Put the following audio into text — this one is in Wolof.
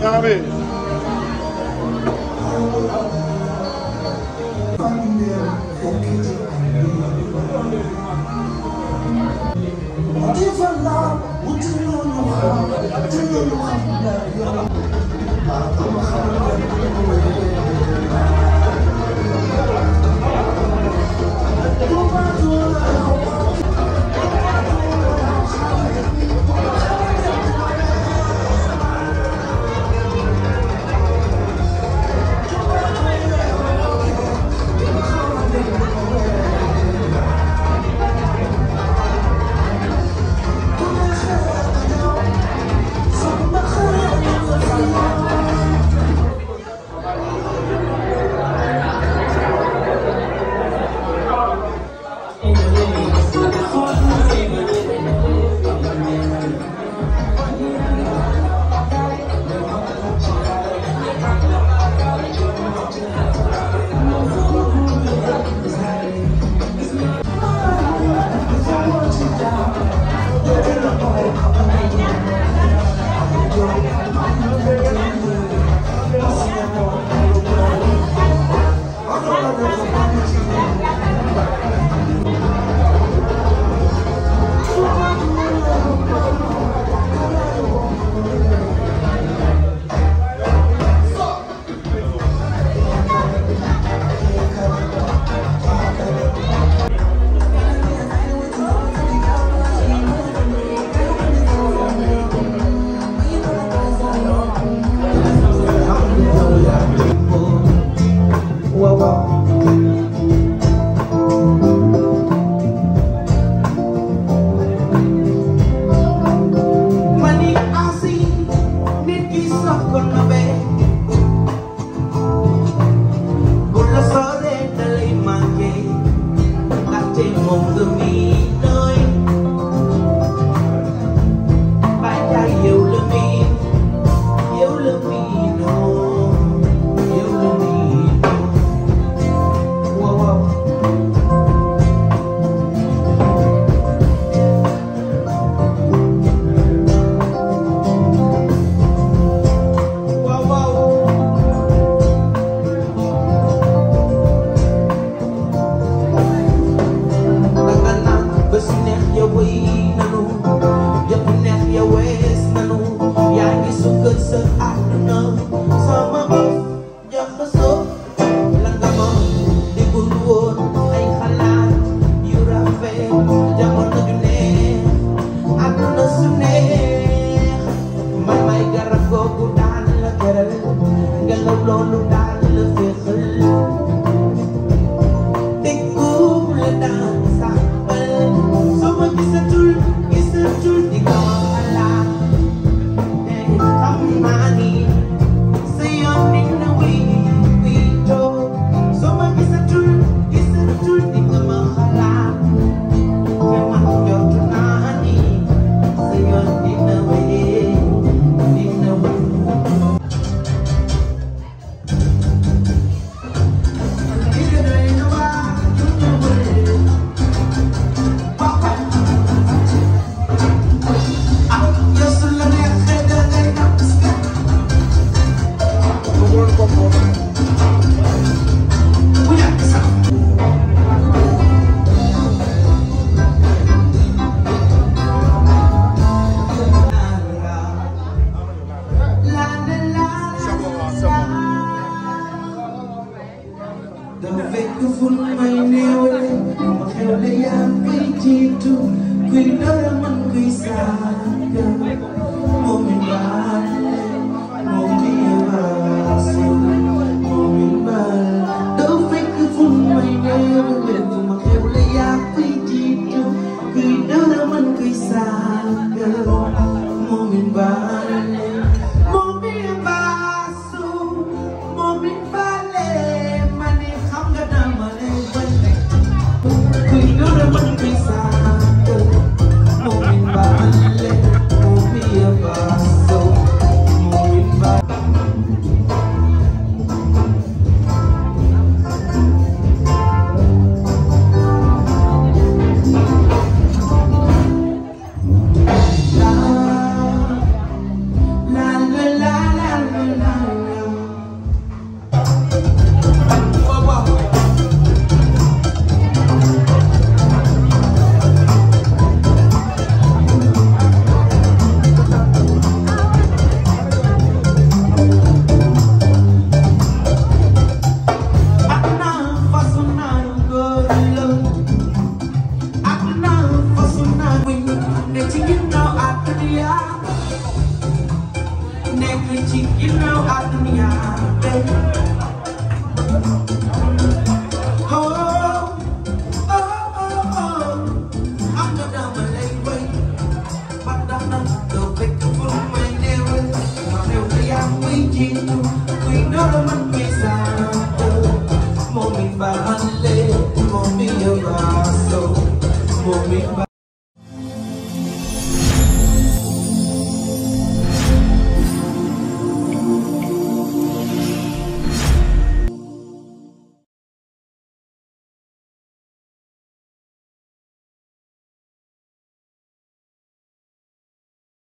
Yaa Rabbi wéy nanu yëpp neex ya wees nanu yaa ngi sukkal sa ku ful may néew ma xew la yaa koy jiitu man kuy saaga moom mi baal moom mi baasu moom mi baal doo fekk ful may ma xew la yaa koy jiitu man kuy saaga ci ginnaaw àdduna nekk ci ginnaaw àdduna